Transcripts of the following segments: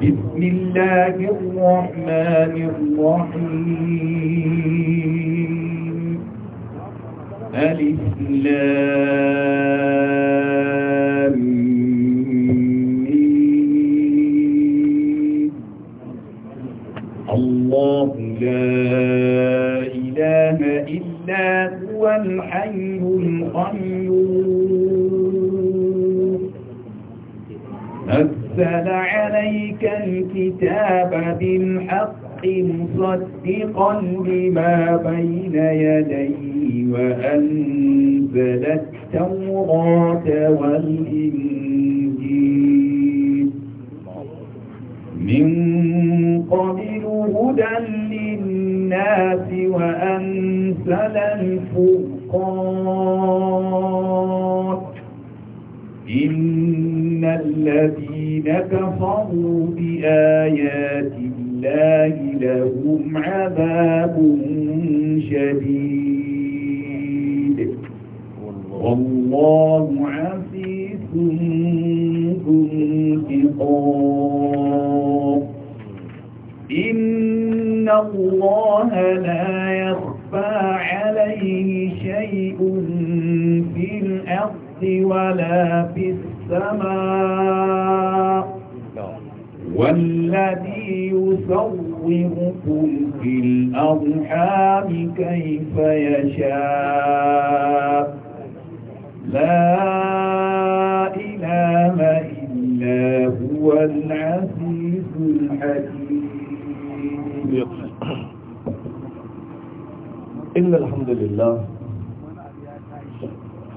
بسم الله الرحمن الرحيم الإسلام الله لا إله إلا هو الحي القيوم نزل عليك الكتاب بالحق مصدقا لما بين يديه وأنزل التوراة والإنجيل من قبل هدى للناس وأنزل الفرقان إن الذي كفروا بآيات الله لهم عذاب شديد والله عزيز ذو انتقام إن الله لا يخفى عليه شيء في الأرض ولا في السماء السماء والذي يصوركم في الأرحام كيف يشاء لا إله إلا هو العزيز الحكيم إن الحمد لله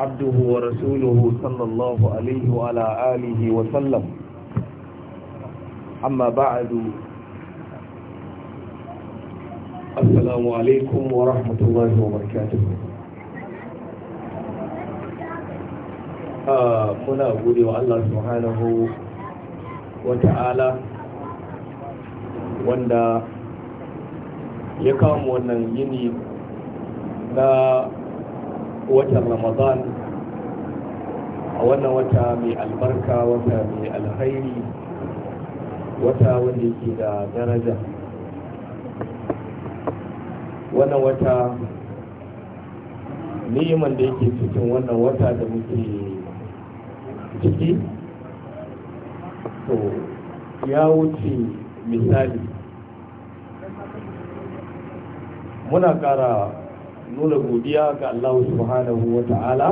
عبده ورسوله صلى الله عليه وعلى آله وسلم أما بعد السلام عليكم ورحمة الله وبركاته muna gode wa Allah subhanahu wa ta'ala wanda ya kawo wannan yini na Wata watan ramadan a wannan wata mai albarka wata mai alhairi wata wanda yake da daraja wannan wata neman da yake cikin wannan wata da muke ciki to ya wuce misali muna ƙara nuna godiya ga Allah subhanahu wa ta'ala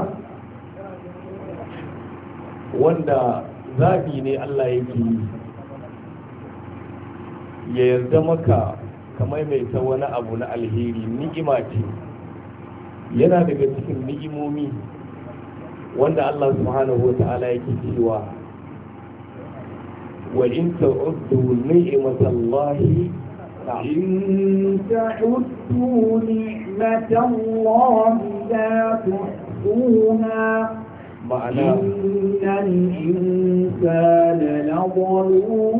wanda zaɓi ne Allah yake ya yarda maka ka maimaita wani abu na alheri ni'ima ce yana daga cikin ni'imomi wanda Allah subhanahu wa ta'ala yake cewa wa in ta'uddu ni'matallahi in ta'uddu نعمة الله لا تحصوها معنى إن الإنسان لظلوم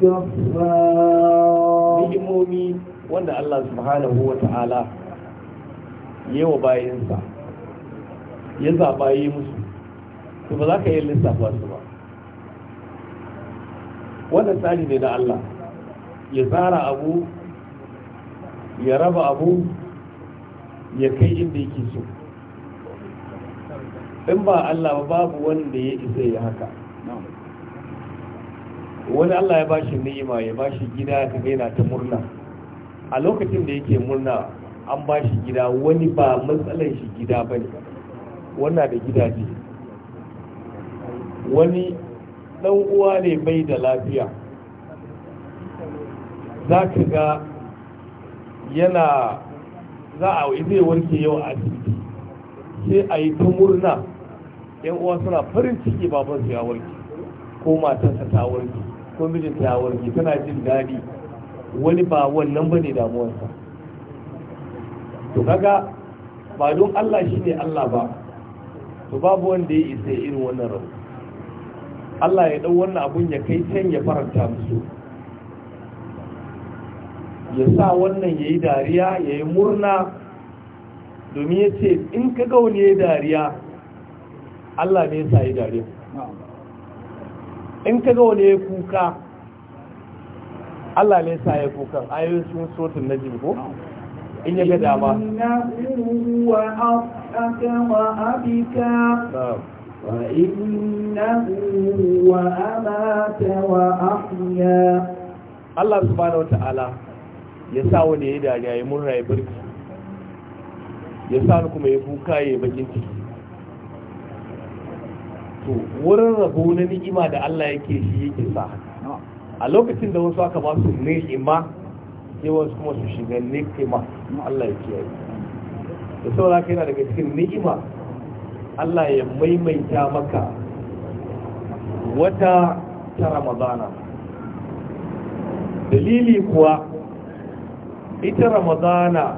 كفار نعمومي wanda Allah subhanahu wa ta'ala yawa bayansa ya zaɓa yi musu to ba za ka yi lissafa ba wannan ne da Allah ya tsara abu ya raba abu ya kai inda yake so in ba Allah ba babu wanda ya isa ya haka wani Allah ya ba shi ni'ima ya ba shi gida ya kaga ta murna a lokacin da yake murna an ba shi gida wani ba matsalar shi gida ba ne wanda da gidaje wani ɗan uwa ne bai da lafiya za ka ga yana za a zai warke yau a asibiti sai a yi ta murna yan uwa suna farin ciki baban su ya warke ko matarsa ta warke ko mijinta ya warke tana jin daɗi wani ba wannan ba ne damuwarsa to kaga ba don Allah shi Allah ba to babu wanda ya isa irin wannan rabu Allah ya dau wannan abun ya kai can ya faranta musu ya sa wannan ya yi dariya ya yi murna domin ya ce in ka ga wani ya yi dariya Allah ne sa yi dariya in ka ga wani ya yi kuka Allah ne sa ya kuka ayoyin sun sotun na jirgo in ya ga dama Allah subhanahu ta'ala. ya sa wani ya yi dariya ya murna ya birki ya sa ni kuma ya kuka ya bakin ciki to wurin rabo na ni'ima da Allah yake shi yake sa a lokacin da wasu aka ba su ni'ima sai wasu kuma su shiga ni'ima Allah ya kiyaye da saboda kai yana daga cikin ni'ima Allah ya maimaita maka wata ta Ramadana dalili kuwa ita ramadana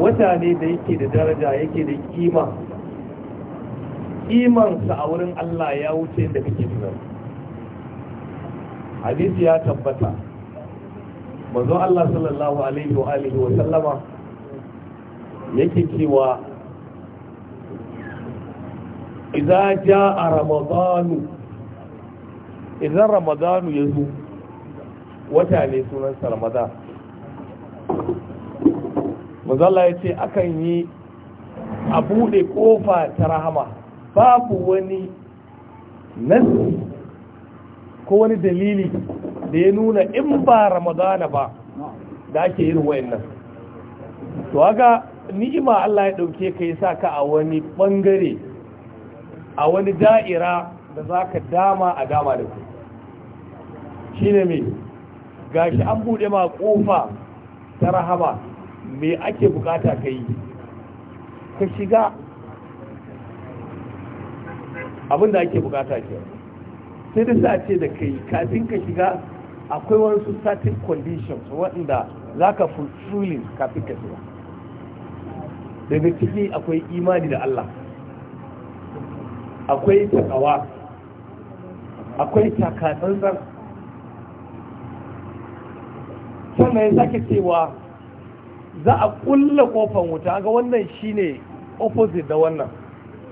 wata ne da yake da daraja yake da kima kimansa a wurin Allah ya wuce da kake tunani hadisi ya tabbata manzo Allah sallallahu alaihi wa alihi wa sallama yake cewa idza jaa ramadanu idan ramadanu yazo wata ne sunan sarmada mazalla ya ce akan yi a bude kofa ta rahama babu wani nasi ko wani dalili da ya nuna in ba ramadana ba da ake yin wayannan to haka ni'ima Allah ya ɗauke ka yi sa ka a wani ɓangare a wani da'ira da zaka dama a dama da ku shine gashi an bude ma kofa ta rahama me ake bukata ka yi ka shiga abinda ake bukata ke sai da sa ce da kai kafin ka shiga akwai wasu static conditions waɗanda za ka fulfilling kafin ka shiga daga ciki akwai imani da Allah akwai takawa akwai takatsantsar sannan ya sake cewa za a kulle kofar wuta ga wannan shine opposite da wannan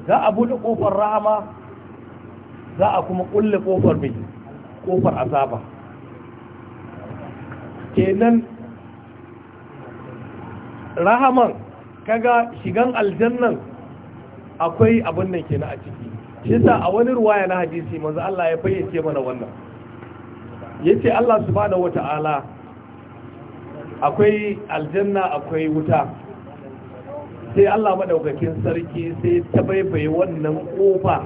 za a bude kofar rahama za a kuma kulle kofar mai kofar azaba kenan rahaman kaga shigan aljannan akwai abin nan kenan a ciki shi yasa a wani ruwaya na hadisi manzo Allah ya fayyace mana wannan yace Allah subhanahu wata'ala akwai aljanna akwai wuta sai Allah madaukakin sarki sai ta baibaye wannan kofa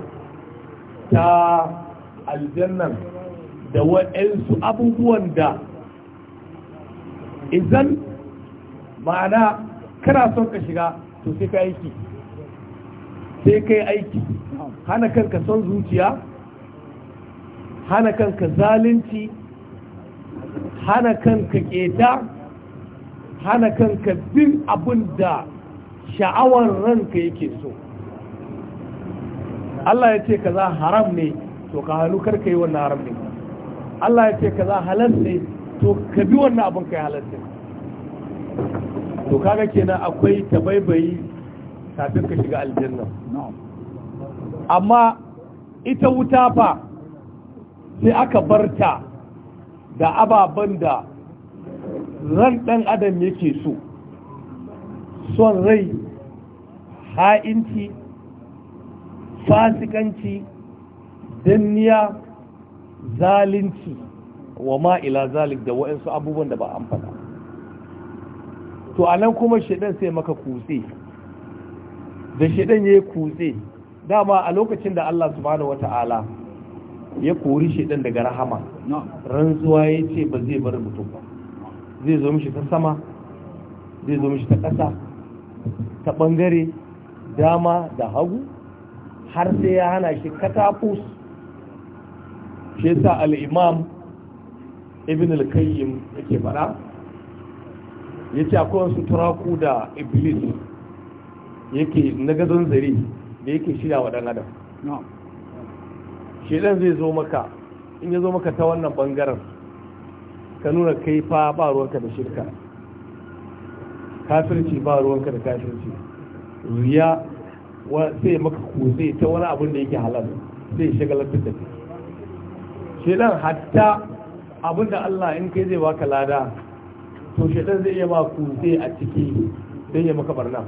ta aljannan da waɗansu abubuwan da izan ma'ana kana son ka shiga to sai ka aiki sai ka aiki hana kanka son zuciya hana kanka zalunci hana kanka ƙeta. hana kanka bin abin da sha'awar ranka yake so Allah ya ce za haram ne to ka halu karka yi wannan haram ne Allah ya ce za halal ne to ka bi wannan abin yi halal ne to kaga kenan akwai tabaibayi kafin ka shiga aljanna amma ita wuta fa sai aka barta da ababen da ran ɗan adam yake so son rai ha'inci fasikanci danniya zalunci wa ma'ila zalik da waɗansu abubuwan da ba an fada to a nan kuma shaɗan sai maka kutse da shaɗan ya yi kutse dama a lokacin da Allah subhanahu wata'ala ya kori shaɗan daga rahama rantsuwa ya ce ba zai bar mutum ba zai zo mishi ta sama zai zo mishi ta ƙasa ta ɓangare dama da hagu har sai ya hana shi katafus shi sa al'imam ibn al-kayyim yake fara ya ce akwai wasu turaku da iblis yake na gazon zari da yake shirya wa ɗan adam shi zai zo maka in ya zo maka ta wannan ɓangaren ka nuna kai fa ba ruwanka da shirka kafirci ba ruwanka da kafirci riya sai maka kuzai ta wani abin da yake halal sai shagalar da shi shedan hatta abin da Allah in kai zai baka lada to shedan zai iya ba kuzai a ciki sai ya maka barna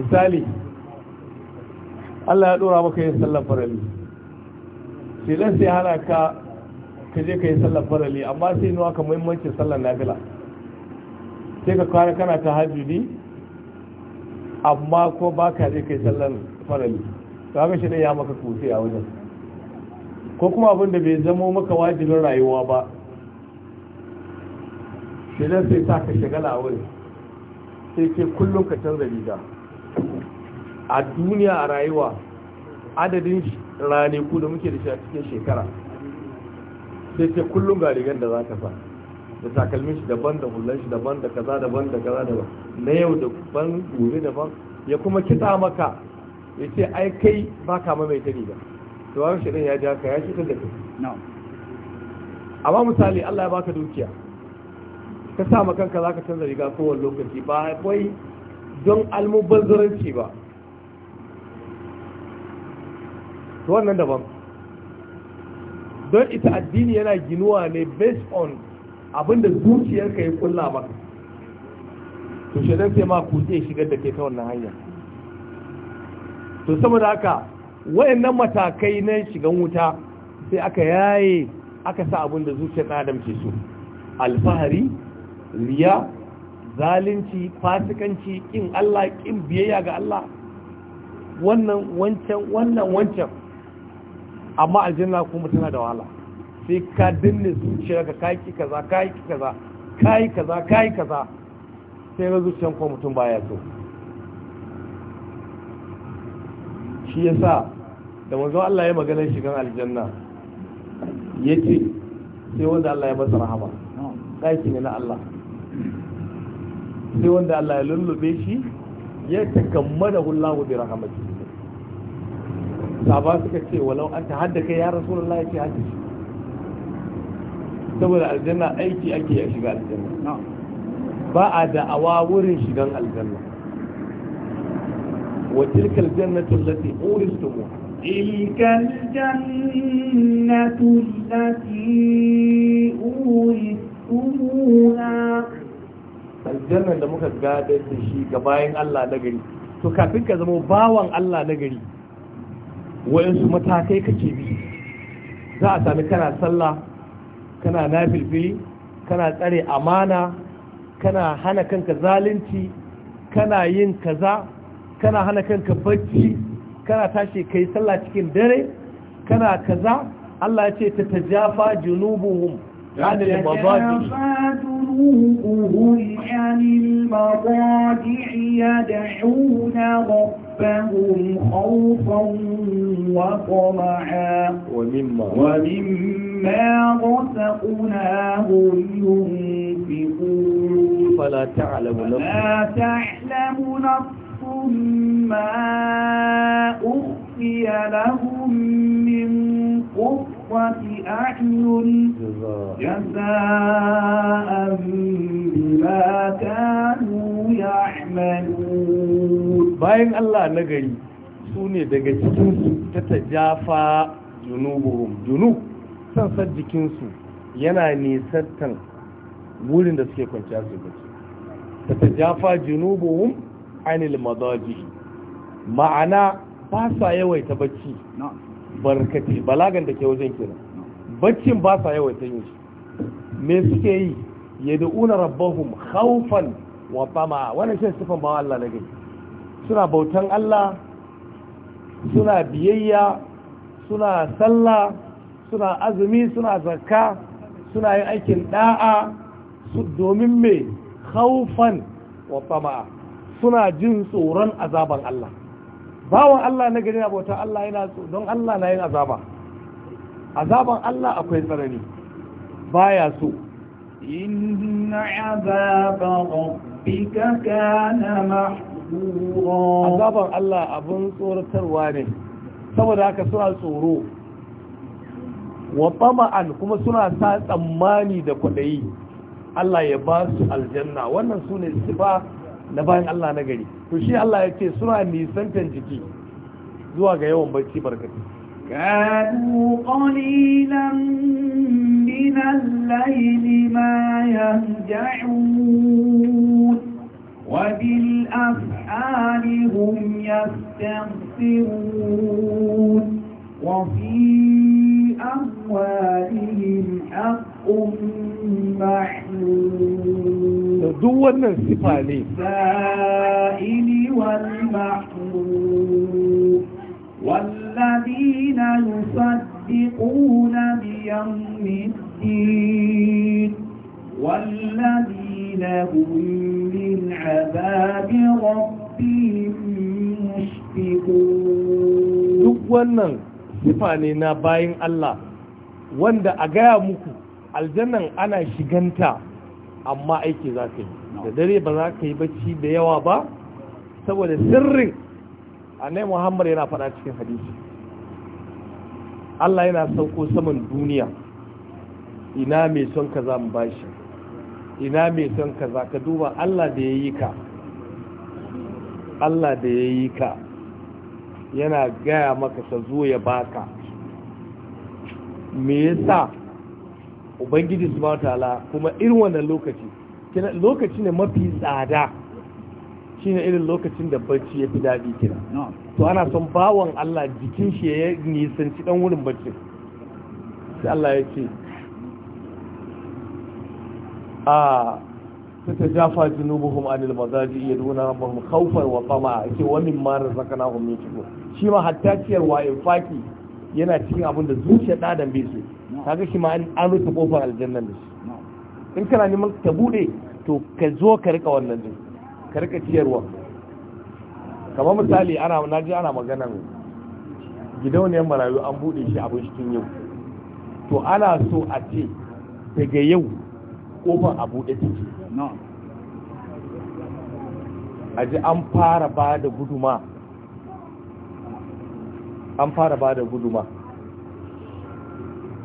misali Allah ya dora maka yin sallar farali shedan sai hana ka ka je ka yi sallar farali amma sai nuwa ka muhimmanci sallar nafila sai ka kwana kana ta hajjudi amma ko ba ka je ka yi sallar farali ta haka shi ne ya maka kutse a wajen ko kuma abin da bai zamo maka wajibin rayuwa ba shi sai sa ka shagala a wurin sai ke kullum ka canza riga a duniya a rayuwa adadin ranaku da muke da shi a cikin shekara sai ce kullum ga rigar da za ka sa da takalmin shi daban da hullun shi daban da kaza daban da kaza daban na yau daban gobe daban ya kuma kitsa maka ya ce ai kai ba ka mai tani ba to wani shirin ya ja ka ya shi da kai amma misali Allah ya baka dukiya ka sa ma kanka zaka canza riga kowane lokaci ba akwai don almubazzaranci ba to wannan daban don ita addini yana ginuwa ne based on abinda zuciyarka ya kulla ba to shi sai ma ku zai shigar da ke ta wannan hanya to saboda haka wayannan matakai na shigan wuta sai aka yaye aka sa abinda zuciyar ɗan adam ke so alfahari riya zalunci fasikanci kin Allah kin biyayya ga Allah wannan wancan wannan wancan amma aljanna kuma tana da wahala sai ka su shiga ka kai kaza kai kaza kai kaza kai kaza sai ga zuciyan ko mutum baya so shi yasa da manzo Allah ya magana shigan aljanna yace sai wanda Allah ya masa rahama ki ne na Allah sai wanda Allah ya lullube shi ya takammada hullahu bi rahmatihi sahaba suka ce walau an ta hadda kai ya rasu da ce hadda shi saboda aljanna aiki ake ya shiga aljanna ba a da'awa wurin shigan aljanna wa tilkal jannatu allati uristumu tilkal jannatu allati uristumuha aljanna da muka gada da shi ga bayan Allah na gari to kafin ka zama bawan Allah na gari wayansu matakai kake bi za a sami kana sallah kana nafilfili kana tsare amana kana hana kanka zalunci kana yin kaza kana hana kanka bacci kana tashi kai sallah cikin dare kana kaza Allah ya ce ta tajafa junubuhum anil وجوههم عَنِ الْمَضَاجِعِ يَدْعُونَ رَبَّهُمْ خَوْفًا وَطَمَعًا وَمِمَّا وَمِمَّا رَزَقْنَاهُمْ يُنْفِقُونَ فَلَا تَعْلَمُ نَفْسٌ مَا أُخْفِيَ لَهُمْ مِنْ قفر قرة أعين جزاء بما كانوا يعملون باين الله نغري سوني daga cikinsu ta tajafa junubuhum junub sansar jikinsu yana nisantar wurin da suke kwanciya su bacci ta tajafa junubuhum anil madaji ma'ana ba sa yawaita bacci barkati balagan da ke wajen kenan baccin ba sa yawan yin shi me suke yi una rabbahum khawfan wa tama wannan shi sifan bawa Allah na gani suna bautan Allah suna biyayya suna sallah suna azumi suna zakka suna yin aikin da'a su domin me khawfan wa tama suna jin tsoron azaban Allah bawan Allah na gari na Allah yana don Allah na yin azaba azaban Allah akwai tsarari baya so inna azaba rabbika kana mahdura azaban Allah abun tsoratarwa ne saboda haka suna tsoro wa tama'an kuma suna sa tsammani da kwaɗayi, Allah ya ba su aljanna wannan sune sifa na bayan Allah na gari to shi Allah ya ce suna nisantan jiki zuwa ga yawan barci barkati kanu qalilan min al-layli ma yahja'un wa bil af'ali hum yastaghfirun wa fi amwalihim haqqun ma'lum to duk wannan sifa ne sa'ili والذين هم من عذاب ربهم مشفقون duk wannan sifa ne na bayin Allah wanda a gaya muku aljannan ana shiganta amma aiki za ka yi da dare ba za ka yi bacci da yawa ba saboda sirrin annai muhammad yana faɗa cikin hadisi Allah yana sauko saman duniya ina mai son ka za mu bashi ina mai son ka za ka duba Allah da ya yi ka Allah da ya yi ka yana gaya maka sa zo ya baka me yasa ubangiji subhanahu ta'ala kuma irin wannan lokaci kina lokaci ne mafi tsada shine irin lokacin da barci ya fi daɗi kina to ana son bawan Allah jikin shi ya nisanci dan wurin bacci sai Allah ya ce a تتجافى جنوبهم عن المضاجع يدعون wa خوفا وطمعا ce wani ma razaqnahum yunfiqun shi ma hatta ciyarwa faki yana cikin abin da zuciyar ɗadan bai so kaga shi ma an rufe kofar aljannan da shi in kana neman ta bude to ka zo ka rika wannan din ka rika ciyarwa kamar misali ana naji ana magana gidauniyar marayu an bude shi abin cikin yau to ana so a ce daga yau kofar a bude take a ji an fara ba da guduma an fara ba da guduma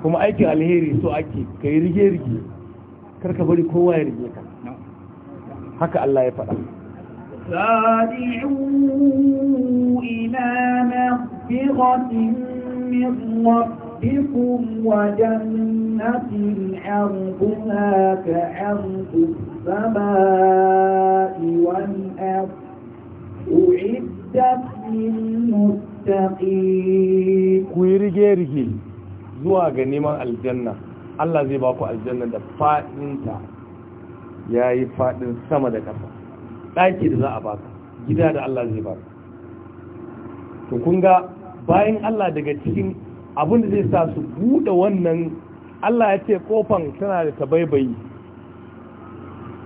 kuma aikin alheri so ake ka yi rige-rige karka bari kowa ya rige ka haka Allah ya faɗa سارعوا إلى مغفرة من ربكم وجنة عرضها كعرض السماء والأرض أعدت للمتقين كوي zuwa ga neman aljanna Allah zai ba ku aljanna da faɗinta ya yi faɗin sama da ƙasa ɗaki da za a baka gida da Allah zai baka to kun bayan Allah daga cikin abin da zai sa su buɗe wannan Allah ya ce kofan tana da tabaibayi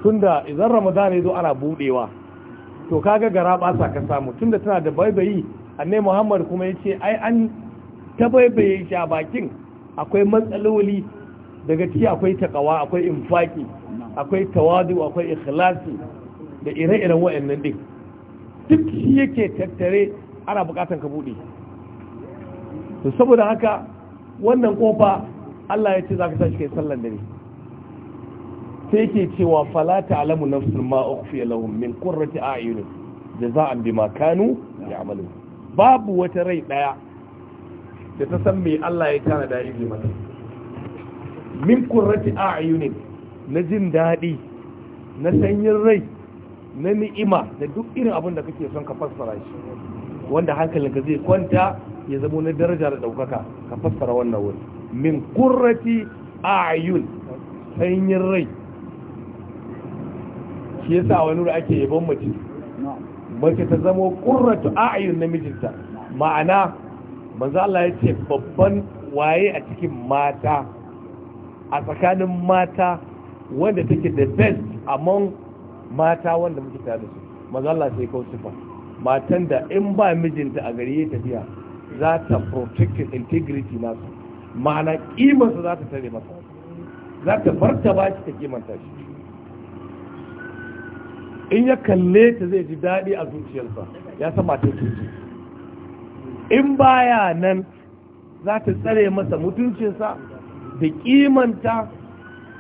tunda idan Ramadan ya zo ana buɗewa to kaga gara ba sa ka samu tunda tana da baibayi annai Muhammad kuma ya ce ai an tabaibaye shi a bakin akwai matsaloli daga ciki akwai takawa akwai infaki akwai tawadu akwai ikhlasi da ire-iren wa'annan din duk shi yake tattare ana bukatan ka bude to saboda haka wannan kofa Allah ya ce zaka tashi kai sallan dare sai yake cewa fala ta'lamu nafsul ma ukhfiya lahum min qurrati a'yunin jaza'an bima kanu ya'malun babu wata rai daya da ta san me Allah ya tana da iri mata min kurrati a'yunin na jin daɗi na sanyin rai na ni'ima da duk irin abin da kake son ka fassara shi wanda ka zai kwanta ya zama na daraja da ɗaukaka ka fassara wannan wuri min kurrati a'yun sanyin rai shi yasa wani wuri ake yabon mace mace ta zama kurratu na mijinta ma'ana manzo Allah ya ce babban waye a cikin mata a tsakanin mata wanda take the best among mata wanda muke tare da su manzo Allah sai kawo sifa matan da in ba mijinta a gari ya tafiya za ta protect integrity nasu ma'ana kimarsa za ta tare masa za ta farta ba ta kimanta shi in ya kalle ta zai ji daɗi a zuciyarsa ya san matan kirki in baya nan za ta tsare masa mutuncinsa da kimanta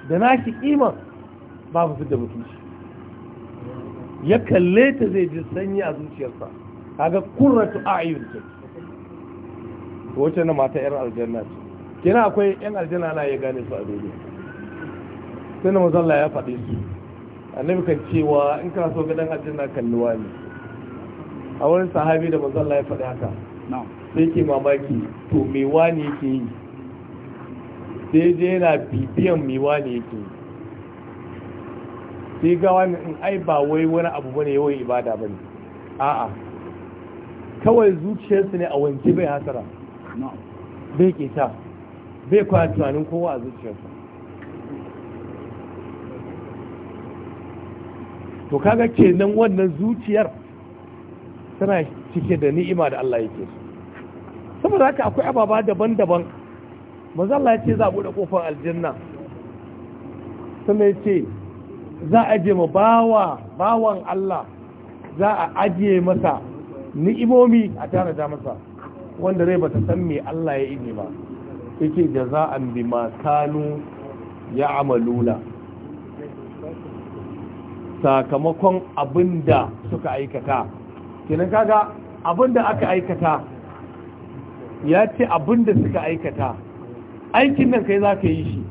da nashi kiman babu su da mutunci ya kalle ta zai ji sanyi a zuciyarsa kaga kurratu a'yun ce wacce na mata yan aljanna ce kina akwai yan aljanna na ya gane su a duniya sai na mazalla ya faɗi su annabi kan cewa in kana so gadon aljanna kalluwa ne a wurin sahabi da mazalla ya faɗi haka sai ke mamaki to me wani yake yi sai je yana bibiyan me wani yake yi sai ga wani in ai ba wai wani abu bane yawan ibada bane a'a kawai zuciyarsu ne a wanke bai hasara bai keta bai kwa tunanin kowa a zuciyarsa to kaga kenan wannan zuciyar tana cike da ni'ima da Allah yake saboda haka akwai ababa daban-daban maza Allah ya ce za a bude kofar aljanna sannan ya ce za a je ma bawan Allah za a ajiye masa ni'imomi a tana da masa wanda rai ba ta san me Allah ya yi ba yake jaza'an ma kanu ya amaluna sakamakon abinda suka aikata kenan kaga abinda aka aikata ya ce da suka aikata aikin nan kai za ka yi shi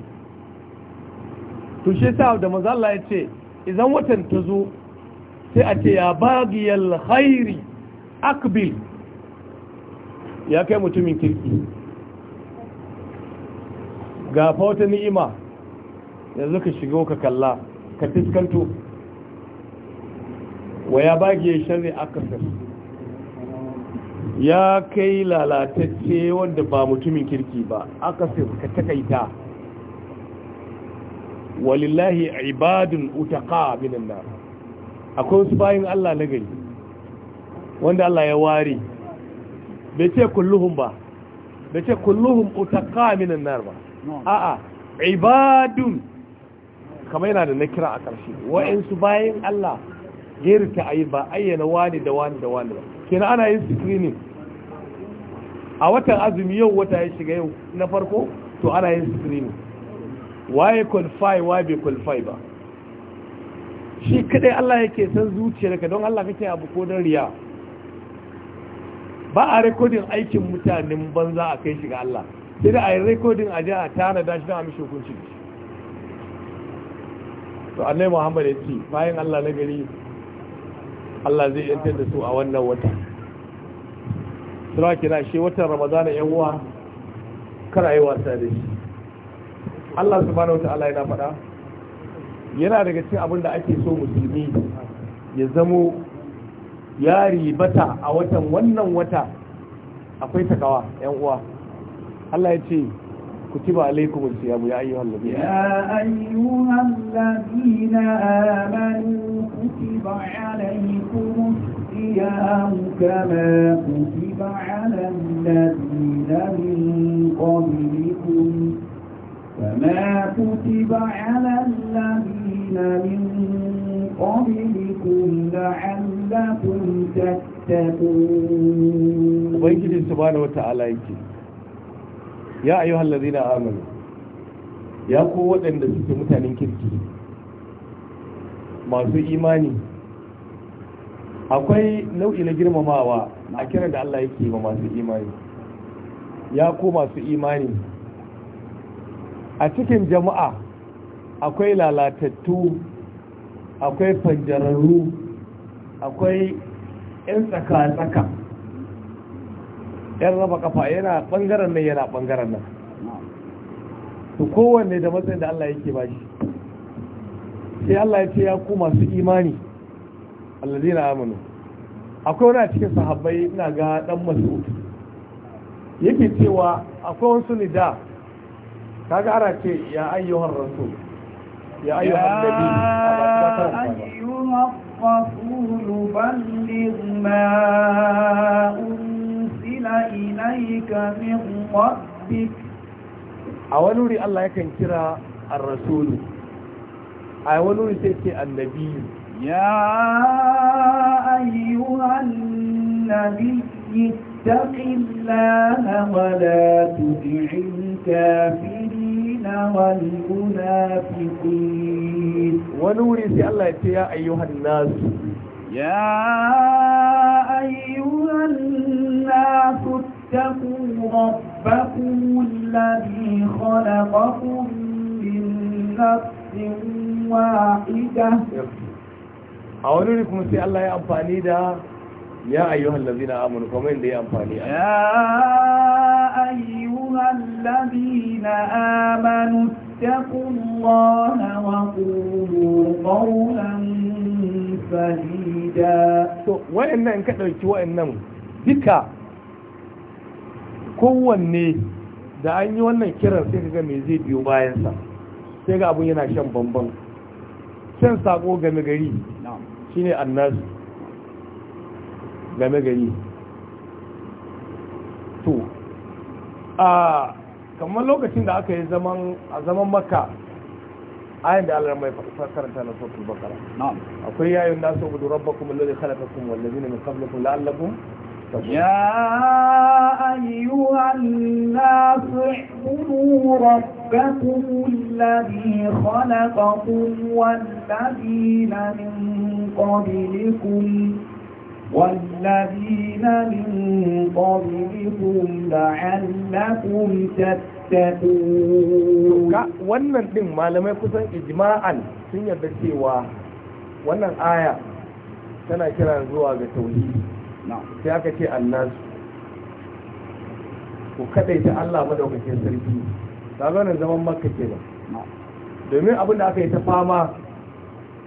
tushe sa da mazalla ya ce idan watan ta zo sai a ce ya bagiyar hairi akbil ya kai mutumin kirki ga fa wata ni'ima yanzu ka shigo ka kalla ka fiskanto wa ya bage sharri akasar ya kai lalatacce wanda ba mutumin kirki ba akasar ka takaita walillahi ibadun utaka minan nar akwai wasu bayan Allah na gari wanda Allah ya ware bai ce kulluhun ba bai ce kulluhun utaka minan na ba a'a ibadun kama yana da na kira a ƙarshe su bayan Allah gairu ta ayi ba ayyana wani da wani da wani ba Kina ana yin screening a watan azumi yau wata ya shiga yau na farko to ana yin screening waye qualify waye bai qualify ba shi kadai Allah yake san ka don Allah kake abu ko dan riya ba a rekodin aikin mutanen banza a kai shiga Allah sai da a yi rekodin a jiya a tana da shi don a mishi hukunci to annai muhammad ya ce bayan Allah na gari Allah zai yantar da su a wannan wata suna kira shi watan ramadana yan uwa kara yi wasa da shi Allah subhanahu wa ta'ala yana faɗa yana daga cikin abin da ake so musulmi ya zamo yari bata a watan wannan wata akwai takawa yan uwa Allah ya ce كتب عليكم الصيام يا أيها الذين يا أيها الذين آمنوا كتب عليكم الصيام كما كتب على الذين من قبلكم كما كتب على الذين من قبلكم لعلكم تتقون ويجد سبحانه وتعالى يجي ya ayyuhal na amanu ya ku waɗanda suke mutanen kirki masu imani akwai nau'i na girmamawa a kiran da Allah yake ma masu imani ya ku masu imani a cikin jama'a akwai lalatattu akwai fanjararru akwai 'yan tsaka-tsaka yan raba kafa yana bangaren nan yana bangaren nan to kowanne da matsayin da Allah yake ba shi sai Allah ya ce ya ku masu imani alladina amanu akwai wani a cikin sahabbai ina ga dan mas'ud yake cewa akwai wasu da kaga ara ce ya ayyuhar rasul ya ayyuhar nabi ayyuhar rasul balligh ila ilayka min rabbik awaluri Allah yakan kira ar-rasul awaluri sai ce annabi ya ayyuhan Allah ya ce ya ayyuhan nas ya أيها الناس اتقوا ربكم الذي خلقكم من نفس واحدة أولي لكم الله يا أمفاني دا يا أيها الذين آمنوا كمين دي أمفاني يا أيها الذين آمنوا اتقوا الله وقولوا قولا wa'annan in ka wa'annan duka kowanne da an yi wannan kiran sai ka ga me zai biyo bayansa sai ga abun yana shan bambam shan sako game gari shi ne annasu game gari to a kamar lokacin da aka yi a zaman maka ayin da Allah mai karanta na suratul bakara akwai ya ayyuhan nasu ubudu rabbakum alladhi khalaqakum wal ladina min qablikum la'allakum يا أيها الناس اعبدوا ربكم الذي خلقكم والذين من قبلكم والذين من قبلكم لعلكم تتقون wannan din malamai kusan ijma'an sun yarda cewa wannan aya tana kira zuwa ga tauhidi sai aka ce annasu ku kadaita Allah madaukakin sarki ta zanen zaman makka ba. domin abin da aka yi ta fama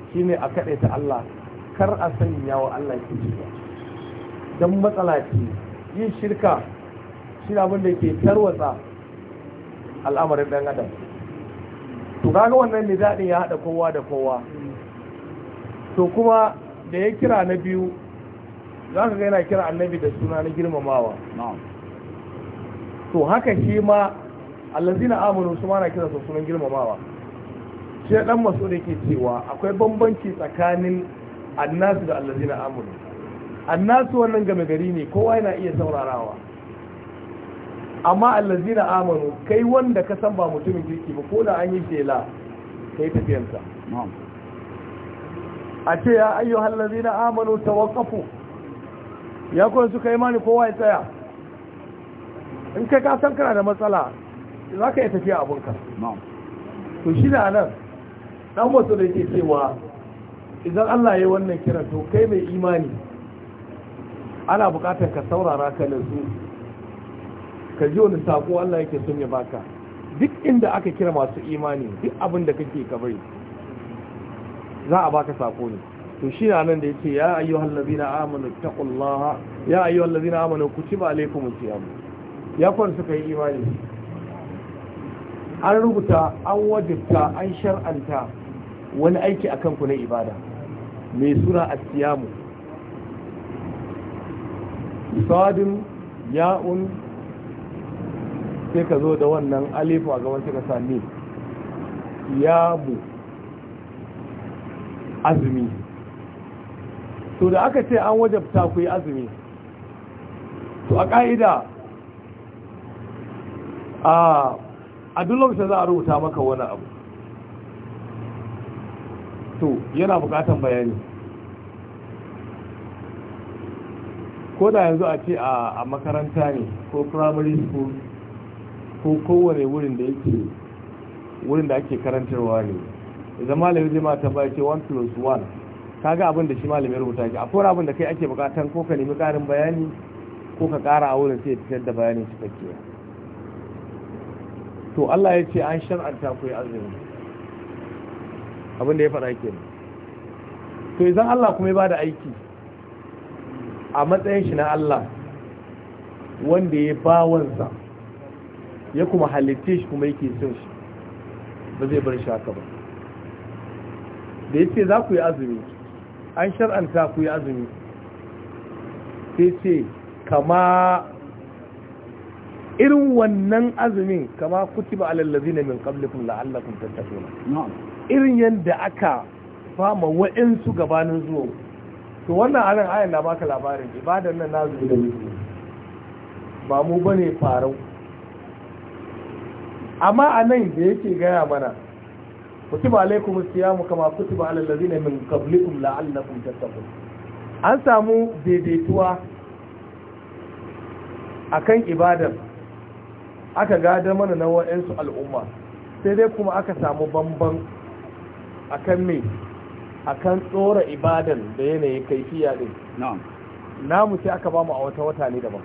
shine a kadaita Allah kar a sanya wa Allah ke shirka don matsala ce yin shirka shi abin da ke tarwatsa al'amarin ɗan adam to kaga wannan ne daɗin ya haɗa kowa da kowa to kuma da ya kira na biyu za ka yana kira annabi da suna na girmamawa to haka shi ma na amuru su mana na kira su sunan girmamawa shi ɗan maso da ke cewa akwai bambanci tsakanin annasu da allazina amuru annasu wannan game gari ne kowa yana iya saurarawa amma allazina amuru kai wanda ka san ba mutumin kirki ba ko da an yi shela kai tafiyansa a ce ya ayyuhal allazina ta wakafu ya kuma suka mani kowa ya tsaya in kai ka san kana da matsala za ka yi tafiya abinka to shi da nan dan wasu da yake cewa idan Allah ya yi wannan kira to kai mai imani ana bukatar ka saurara ka nazu ka ji wani sako Allah yake son ya baka duk inda aka kira masu imani duk abin da kake ka bari za a baka sako ne to shi na nan da ce, ya ayyuhal ladina amanu taqullaha ya ayyuhal ladina amanu kutiba alaykumus siyam ya kwan suka yi imani an rubuta an wajibta an shar'anta wani aiki akan ku na ibada mai sura siyamu sadin ya'un sai ka zo da wannan alifu a gaban sai ka sami azumi to da aka ce an wajabta ku yi azumi to a ƙa'ida a duk lokacin za a rubuta maka wani abu yana bukatan bayani ko da yanzu a ce a makaranta ne ko primary school ko kowane wurin da yake wurin da ake karantarwa ne idan malami zai ta bai ce 1 plus 1 kaga abin da shi malami rubuta ki akwai abin da kai ake bukatan ko ka nemi karin bayani ko ka kara a wurin sai fitar da bayanin cikakkiya to Allah ya ce an shar'anta ku yi azumi abin da ya faɗa kenan to izan Allah kuma ya bada aiki a matsayin shi na Allah wanda ya bawansa ya kuma halitta shi kuma yake son shi ba zai bar shi haka ba da ya ce za ku yi azumi an shar'anta ku yi azumi sai ce kama irin wannan azumin kama kutuba alallazi ne min qablikum la'allakum tattaquna irin yadda aka tallafa ma wa'insu gabanin zuwa to wannan anan ayan na baka labarin ibadan nan na zuwa da muke ba mu bane farau amma anan da yake gaya mana kutiba alaikum siyamu kama kutiba alal ladina min qablikum la'allakum tattaqun an samu daidaituwa akan ibadan aka gada mana na wa'insu al'umma sai dai kuma aka samu bamban akan me akan tsora ibadan da yanayin kaifiya din namu sai aka bamu a wata wata ne daban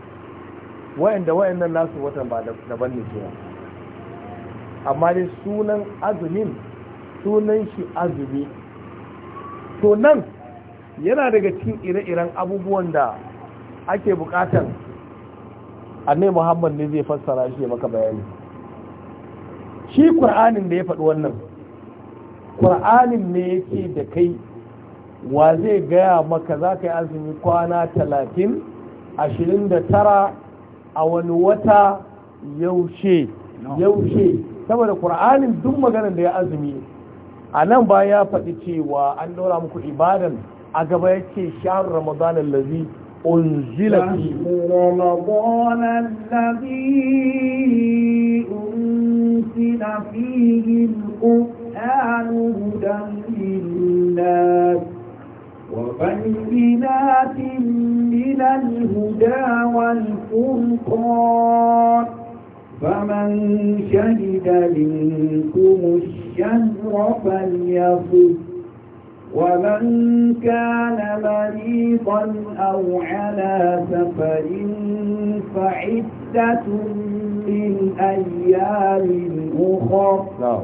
wayanda wayannan nasu watan ba daban ne kenan amma dai sunan azumin sunan shi azumi to nan yana daga cikin ire-iren abubuwan da ake bukatan annai muhammad ne zai fassara shi maka bayani shi kur'anin da ya faɗi wannan ƙur'anin ne yake da kai wa zai gaya maka za ka yi azumi kwana talatin ashirin da tara a wani wata yaushe yaushe saboda ƙur'anin duk maganar da ya azumi a nan ba ya faɗi cewa an ɗora muku ibadan a gaba yake ce ramadan allazi unzila القرآن هدى للناس وبينات من الهدى والفرقان فمن شهد منكم الشهر فليصد ومن كان مريضا أو على سفر فعدة من أيام أخر نعم.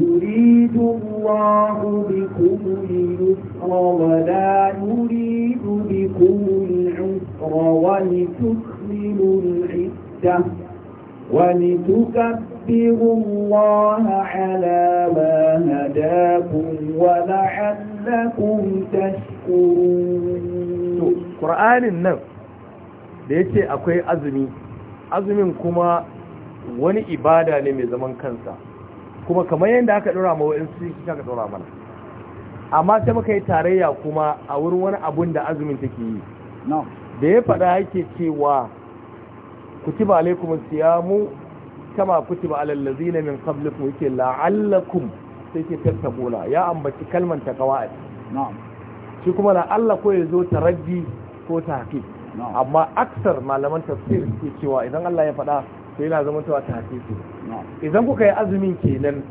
يريد الله بكم اليسر ولا يريد بكم العسر ولتكملوا العدة ولتكبروا الله على ما هداكم ولعلكم تشكرون قرآن النم da yake akwai azumi azumin kuma wani ibada ne mai zaman kansa kuma kamar yadda aka dora ma su shi aka dora mana amma sai muka yi tarayya kuma a wurin wani abun da azumin take yi da ya faɗa yake cewa kutiba alaikum siyamu kama kutiba alal ladzina min qablikum yake la'allakum sai ke tattabula ya ambaci kalman takawa a shi kuma Allah ko ya zo raggi ko tahqiq amma aksar malaman tafsir suke cewa idan Allah ya faɗa to yana zama ta su, idan kuka yi azumin kenan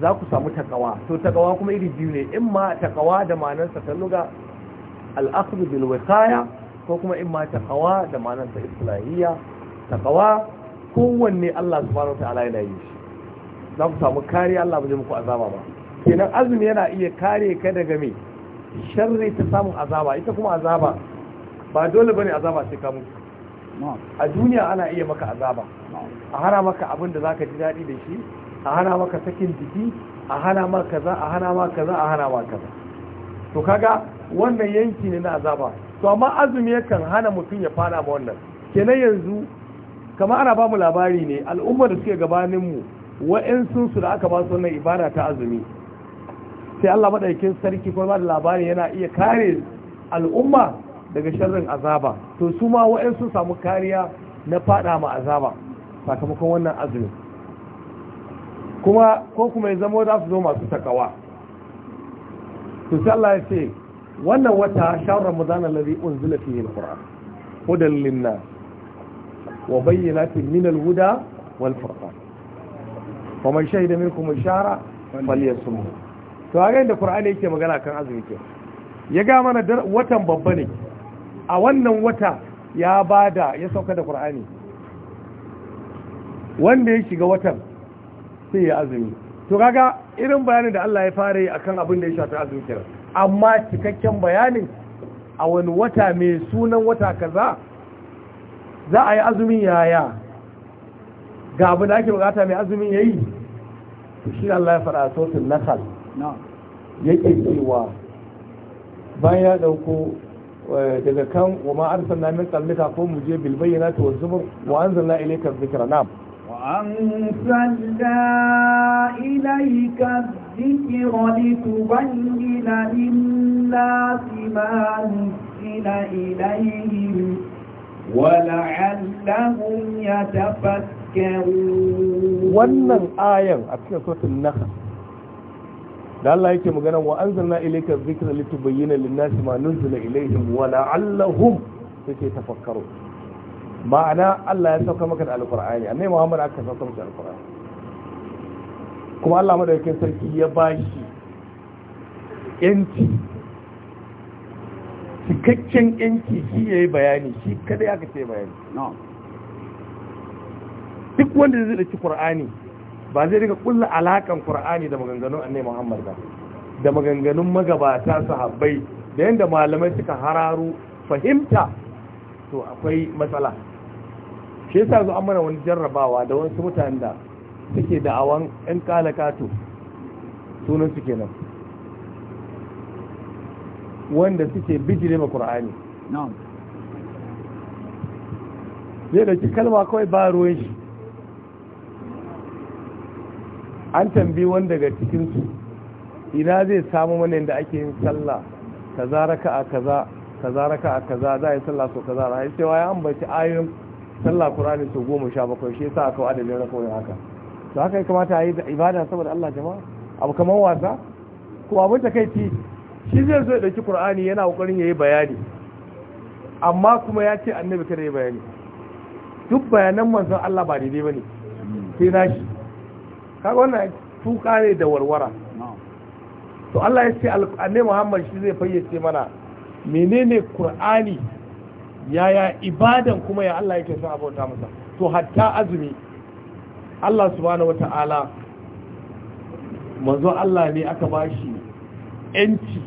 za ku samu takawa to takawa kuma iri biyu ne in ma takawa da manansa ta luga al'akhdhu bil wiqaya ko kuma in ma takawa da manansa islahiyya takawa kowanne Allah su wa ta'ala yana yi shi za ku samu kariya Allah ba zai muku azaba ba kenan azumi yana iya kare ka daga me sharri ta samun azaba ita kuma azaba ba dole ne azaba sai ka a duniya ana iya maka azaba a hana maka abin da zaka ji daɗi da shi a hana maka sakin jiki a hana maka kaza a hana maka kaza a hana maka kaza to kaga wannan yanki ne na azaba to amma azumi yakan hana mutum ya fara ma wannan kenan yanzu kamar ana ba labari ne al'ummar da suke gabanin mu wa'ansu su da aka ba su wannan ibada ta azumi sai Allah maɗakin sarki kuma da labari yana iya kare al'umma daga sharrin azaba to su ma wa'in sun samu kariya na fada ma azaba sakamakon wannan azumin kuma ko kuma ya zama za su zo masu takawa to sai Allah ya ce wannan wata shawar ramadan alladhi unzila fihi alquran hudan linnas wa bayyinatin min alhuda wal furqan faman shahida minkum ashara falyasum to a ga inda qur'ani yake magana kan azumi ke ya ga mana watan babba ne a wannan wata ya bada ya sauka da ƙur'ani wanda ya shiga watan sai ya azumi to kaga irin bayanin da Allah ya fara yi kan abin da ya shafi azumi kira amma cikakken bayanin a wani wata mai sunan wata kaza za a yi azumin yaya ga abin da ake bukata mai azumin yayi shi Allah ya fara sosin nakal yake cewa bayan ya dauko daga kan wa ma arsalna min qablika ko muje je bil bayyinati wa zubur wa anzalna ilayka dhikra na'am wa anzalna ilayka dhikra litubayyana lin-nasi ma nuzila ilayhim wa la'allahum yatafakkarun wannan ayan a cikin suratul nahl da Allah yake magana wa anzalna ilayka dhikra litubayyana lin-nasi ma nuzila ilayhim wa la'allahum tafakkaru. ma'ana Allah ya sauka maka da alqur'ani annabi Muhammad aka sauka maka da alqur'ani kuma Allah madaukakin sarki ya bashi yanci cikakken yanci shi yayi bayani shi kada aka ce bayani duk wanda zai da ci qur'ani ba zai rika kulla alakan qur'ani da maganganun annabi Muhammad ba da maganganun magabata sahabbai da yanda malamai suka hararu fahimta to akwai matsala shi yasa zo amana wani jarrabawa da wasu mutanen da suke da'awan ɗan kalakato sunan su kenan wanda suke bijire ma qur'ani zai da kalma kawai ba ruwan shi an tambayi wanda daga cikinsu ina zai samu mana da ake yin sallah kaza raka a kaza kaza raka a kaza za a yi sallah so kaza raka cewa ya ambaci ayoyin sallah qur'ani so goma sha bakwai shi yasa aka wada lera kawai haka to haka ya kamata a yi ibada saboda Allah jama'a abu kamar wasa ko abin ta kai shi zai zo ya dauki qur'ani yana kokarin yayi bayani amma kuma ya ce annabi kada yi bayani duk bayanan manzon Allah ba daidai bane sai nashi kaga wannan tuka ne da warwara to Allah ya ce annabi Muhammad shi zai fayyace mana menene Qur'ani yaya ibadan kuma ya Allah yake son abota masa to hatta azumi Allah subhanahu wata'ala manzo Allah ne aka bashi yanci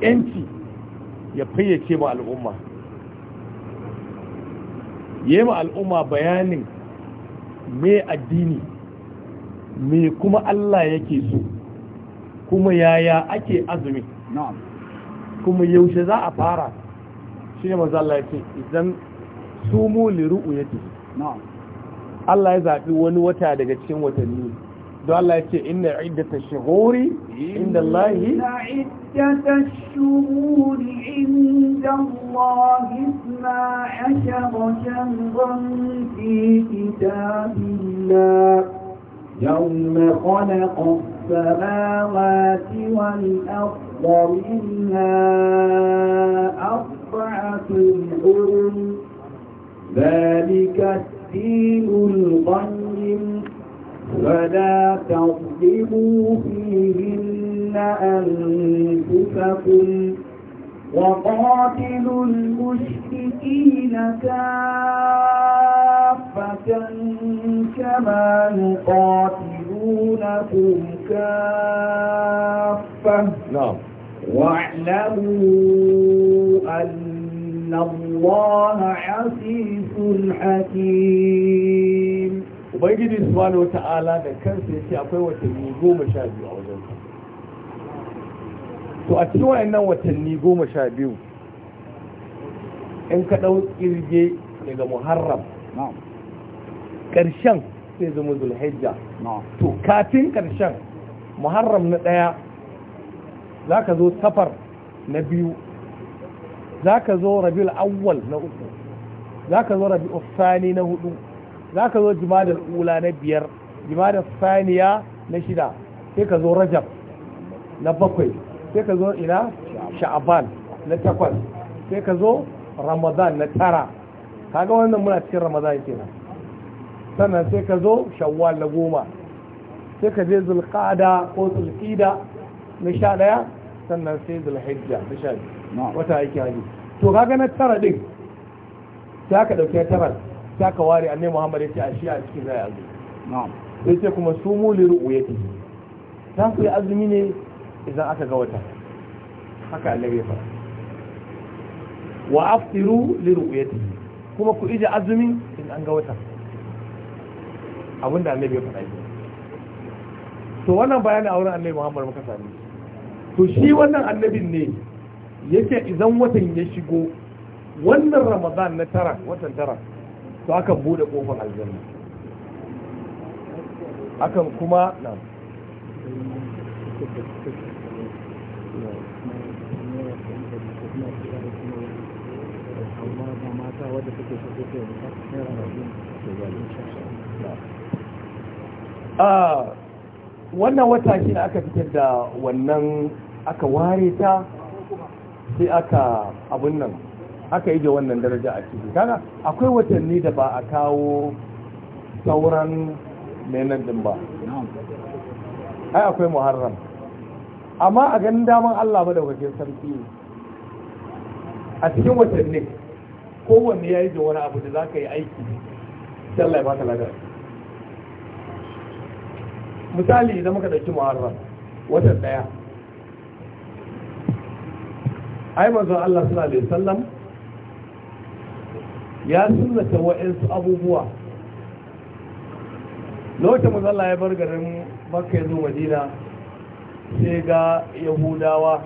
yanci ya fayyace ba al'umma yayi ma al'umma bayanin me addini me kuma Allah yake so kuma yaya ake azumi kuma yaushe za a fara shi ne maza Allah ya ce idan sumu liru'u yake Allah ya zaɓi wani wata daga cikin watanni don Allah ya ce inna iddata shuhuri inda Allah عدة الشهور عند الله اثنا عشر شهرا في كتاب الله يوم خلق السماوات والأرض منها أربعة حرم ذلك الدين القيم فلا تظلموا فيهن أنفسكم وقاتلوا المشركين كافة كما يقاتلونكم كافة نعم واعلموا أن الله عزيز حكيم وبيجي سبحانه وتعالى ذكر سيأتي أقوى تبيجوم شاهدوا أوزنك to a cikin wayannan watanni goma sha biyu in ka ɗau ƙirge daga muharram ƙarshen sai zama zulhijja to kafin ƙarshen muharram na ɗaya za ka zo safar na biyu za ka zo rabil awwal na uku za ka zo rabi sani na hudu za ka zo jimadar ula na biyar jimadar saniya na shida sai ka zo rajab na bakwai sai ka zo ina sha'aban na takwas sai ka zo ramadan na tara kaga wannan muna cikin ramadan kenan sannan sai ka zo shawwal na goma sai ka je zulqa'ada ko zulqida na sha daya sannan sai zulhijja na sha wata aiki haji to kaga na tara din sai ka dauke tara sai ka ware annabi Muhammad ya ce a shi a cikin zai azumi na'am sai kuma sumu li ru'yati ta ku azumi ne idan aka ga wata haka annabi ya fara wa aftiru li ru'yatihi kuma ku ije azumi in an ga wata abinda annabi ya fara yi to wannan bayani a wurin annabi Muhammad muka sani to shi wannan annabin ne yake idan watan ya shigo wannan Ramadan na tara watan tara to akan bude kofar aljanna akan kuma na Ah, wannan wata shi aka fitar da wannan aka ware ta sai aka abun nan aka yi da wannan daraja a cikin, kaga akwai watanni da ba a kawo sauran menan din ba ai akwai muharram amma a ganin daman Allah madaukakin sarki ne a cikin watanni kowanne ya yi da wani abu da za ka yi aiki sallai ba ta baka ladar misali idan muka ɗauki muharram watan ɗaya ai manzon Allah sallallahu alaihi sallam ya sunnata wa'ansu abubuwa lokacin manzon ya bar garin Makka ya zo Madina sai ga yahudawa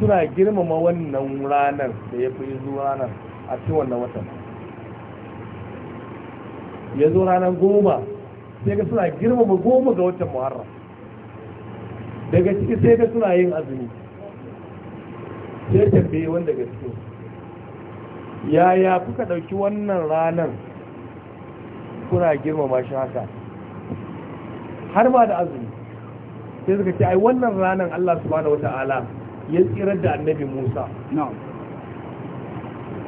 suna girmama wannan ranar da ya fi zuwa ranar a cikin wannan watan ya zo ranar goma sai ga suna girmama goma ga watan muharram daga ciki sai ga suna yin azumi sai tambaye wanda ga cikin yaya kuka ɗauki wannan ranar kuna girmama shi haka har ma da azumi sai suka ce ai wannan ranar Allah subhanahu wata'ala ya tsirar da annabi Musa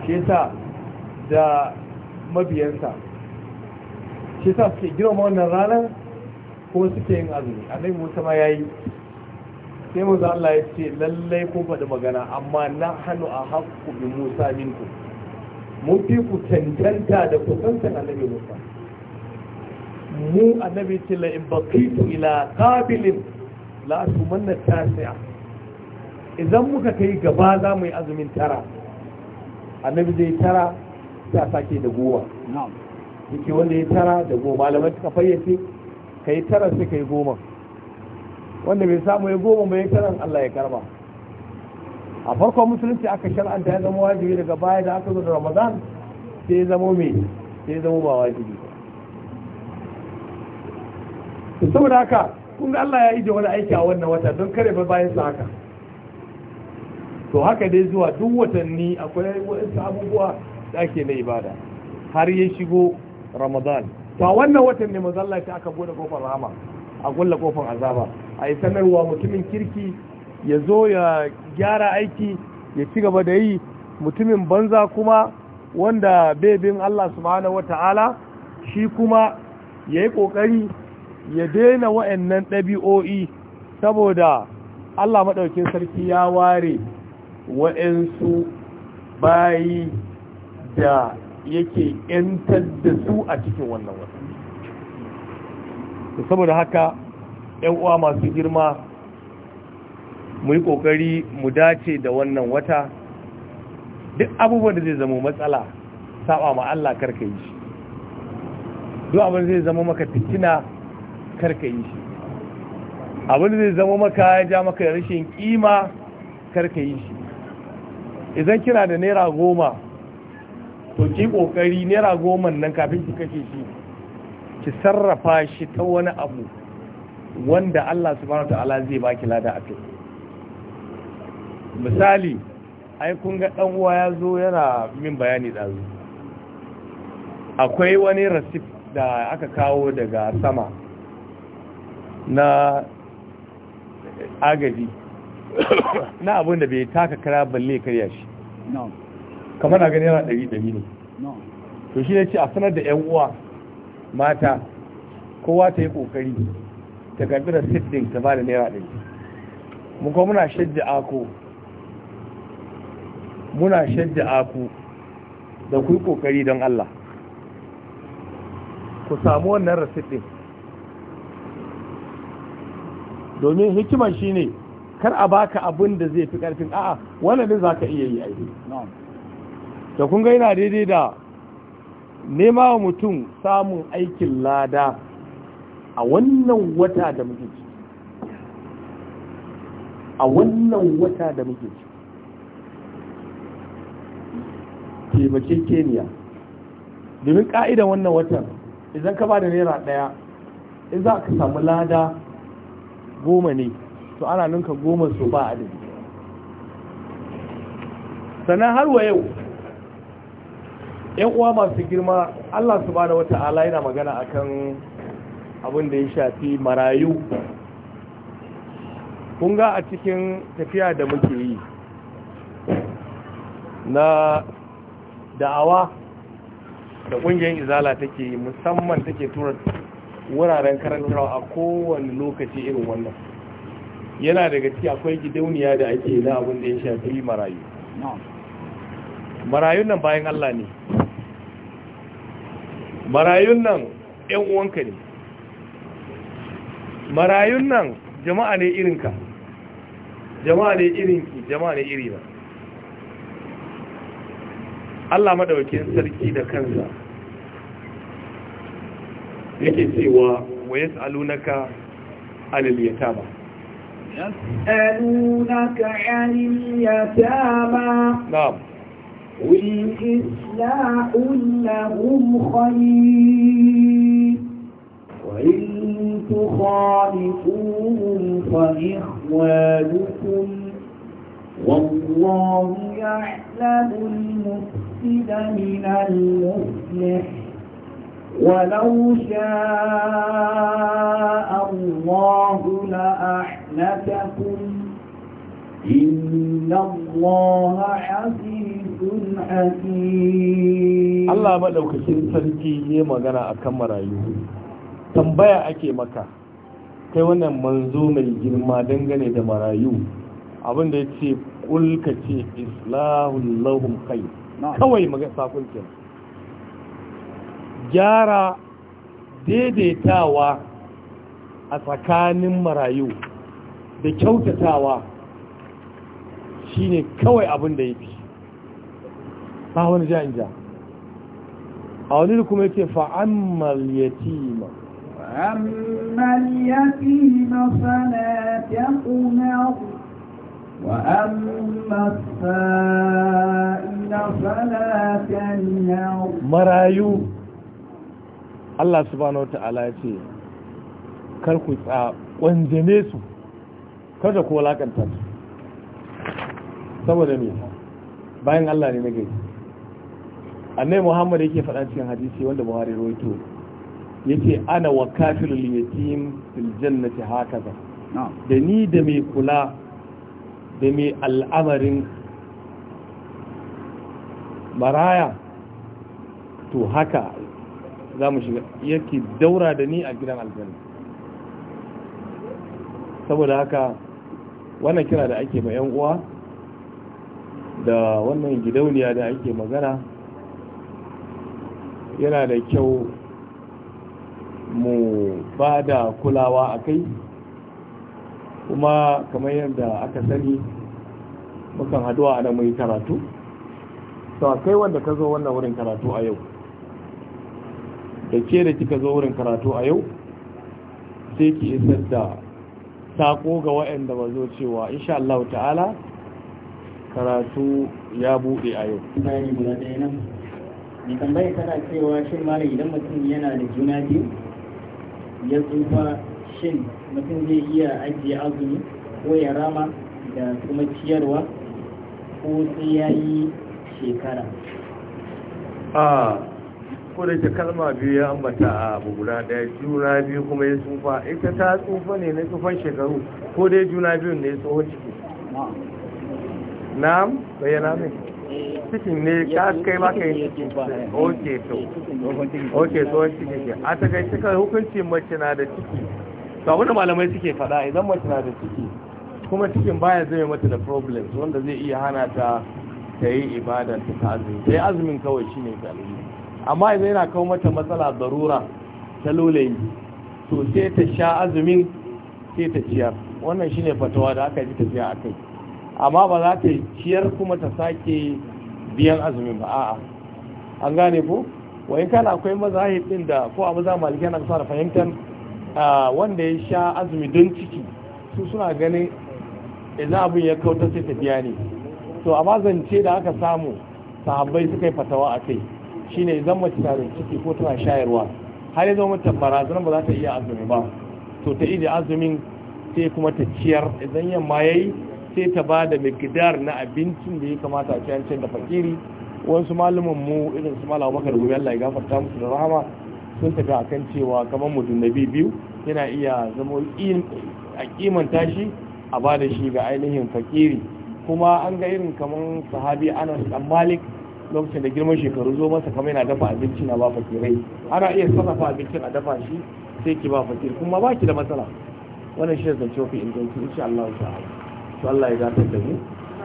shi yasa da mabiyansa shi yasa suke girma wannan ranar ko suke yin azumi annabi Musa ma ya yi. sai manzo Allah ya ce lallai ko faɗi magana amma na hannu a haƙƙu bi Musa minku mun fi ku cancanta da kusantan annabi Musa mu annabi ce la in baqitu ila qabilin la'atu manna tasi'a idan muka kai gaba za mu yi azumin tara annabi zai tara sai sake da goma yake wanda ya tara da goma malamai suka fayyace ka yi tara sai ka yi goma wanda bai samu ya goma bai tara Allah ya karba a farko musulunci aka shar'anta ya zama wajibi daga baya da aka zo da ramadan sai ya zama mai sai ya zama ba wajibi saboda haka kun ga Allah ya ije wani aiki a wannan wata don kare ba bayan sa haka to haka dai zuwa duk watanni akwai wasu abubuwa da ake na ibada har ya shigo ramadan to a wannan watan ne mazalla ta aka bude kofar rama, a gulla kofar azaba a yi sanarwa mutumin kirki ya zo ya gyara aiki ya ci gaba da yi mutumin banza kuma wanda bebin Allah subhanahu wata'ala shi kuma ya yi ƙoƙari ya daina wa'annan ɗabi'o'i saboda Allah maɗaukin sarki ya ware wa'ansu bayi da yake ‘yantar da su a cikin wannan wata saboda haka uwa masu girma mu yi ƙoƙari mu dace da wannan wata duk abubuwan da zai zama matsala saba ma Allah karka yi shi duk abin zai zama maka fitina karka yi shi abin da zai zama maka ya ja maka rashin kima karka yi shi idan kina da naira goma to ki kokari naira goma nan kafin ki kashe shi ki sarrafa shi ta wani abu wanda Allah subhanahu ta'ala zai baki lada a kai misali ai kun ga dan uwa ya zo yana min bayani dazu akwai wani rasif da aka kawo daga sama na agaji na abin da bai taka kara balle karya shi kamar na gani yana ɗari ɗari ne to shi ne ce a sanar da 'yan uwa mata kowa ta yi ƙoƙari ta karbi da siddin ta ba da naira ɗari mun kuma muna shadda ako muna shadda ako da ku yi ƙoƙari don Allah ku samu wannan rasit domin hikimar shi ne kar a baka abin da zai fi karfin a'a wanda ne za ka iya yi aiki da kun ga yana daidai da nema wa mutum samun aikin lada a wannan wata da muke ci a wannan wata da muke ci taimake keniya domin ka'idan wannan watan idan ka ba da naira daya in za ka samu lada goma ne to ana ninka goma su ba adadi sannan har wa yau yan uwa masu girma Allah su wata wata yana magana akan abin da ya shafi marayu kun ga a cikin tafiya da muke yi na da'awa da ƙungiyar izala take musamman take tura wuraren karantarwa a kowane lokaci irin wannan yana daga ciki akwai gidauniya da ake na abin da ya shafi marayu marayun nan bayan Allah ne marayun nan ‘yan uwanka ne marayun nan jama'a ne irinka jama'a ne irinki jama'a ne irina Allah maɗaukin sarki da kansa yake cewa wa yas'alunaka anil yatama yas'alunaka anil yatama na'am والإصلاح خير وإن تخالفوهم فإخوانكم والله يعلم المفسد من المفلح ولو شاء الله لأحنتكم إن الله حديث حكيم الله ملوك سنسلتي يما غنى أكم رايوه tambaya ake maka kai wannan manzo mai girma dangane da marayu abinda ya ce kulka ce islahun lahum kai kawai maga sakon kenan gyara daidaitawa a tsakanin marayu da kyautatawa shine kawai abin da ya fi ba wani ja'in ja a wani kuma yake fa’an yatima fa'ammal marayu Allah subhanahu ala ya ce kar ku tsakonjame su kada ku walakanta su saboda me bayan Allah ne nage annai Muhammad yake faɗa cikin hadisi wanda Buhari rawaito yake ana wa kafirul yatim fil jannati hakaza da ni da mai kula da mai al'amarin maraya to haka za mu shiga yake daura da ni a gidan aljanna saboda haka wannan kira da ake ma yan uwa da wannan gidauniya da ake magana yana da kyau mu ba da kulawa a kai kuma kamar yadda aka sani mukan haduwa a nan mai karatu sau kai wanda ka zo wannan wurin karatu a yau da ke da kika zo wurin karatu a yau sai ki isar da sako ga waɗanda ba zo cewa insha Allah ta'ala karatu ya buɗe a yau mai tambayar tana cewa shin malam idan mutum yana da juna biyu ya tsufa shin mutum zai iya ajiye azumi ko ya rama da kuma ciyarwa ko sai ya yi shekara ah, ko da ke kalma biyu ya ambata a abu guda daya juna biyu kuma ya tsufa ita ta tsufa ne na tsufan shekaru ko dai juna biyun ne tsohon ciki na'am bayyana min cikin ne ka kai ba kai ciki oke to oke tsohon ciki ke a ta kai hukunci mace na da ciki to malamai suke faɗa idan mace na da ciki kuma cikin baya zai mata da problems wanda zai iya hana ta ta yi ibadar ta azumi Sai azumin kawai shine galibi amma idan yana kawo mata matsala darura ta lolayi to sai ta sha azumin sai ta ciyar wannan shine fatawa da aka ji tafiya akai amma ba za ta ciyar kuma ta sake biyan azumin ba a'a an gane ko wa in kana akwai mazahib din da ko abu za maliki na kusa da fahimtar wanda ya sha azumi don ciki su suna ganin idan abin ya kautar sai ta biya ne to amma zance da aka samu sahabbai suka yi fatawa a kai shine zan mace tarin ciki ko tana shayarwa har ya zama mata zan ba za ta iya azumi ba to ta da azumin sai kuma ta ciyar idan yamma yayi sai ta ba da mikdar na abincin da ya kamata a ciyar da fakiri wasu malumin mu irin su malamu bakar gobe Allah ya gafarta musu da rahama sun tafi akan cewa kamar mutum na biyu yana iya zama a kimanta shi a ba da shi ga ainihin fakiri kuma an ga irin kamar sahabi anas dan malik lokacin da girman shekaru zo masa kamar yana dafa abinci na ba fakirai ana iya sarrafa abincin a dafa shi sai ki ba fakir kuma ba ki da matsala wannan shi zance mafi inganci insha Allah ta'ala to Allah ya gatar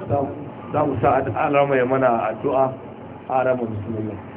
da mu za mu sa alama ya mana addu'a a rama bismillah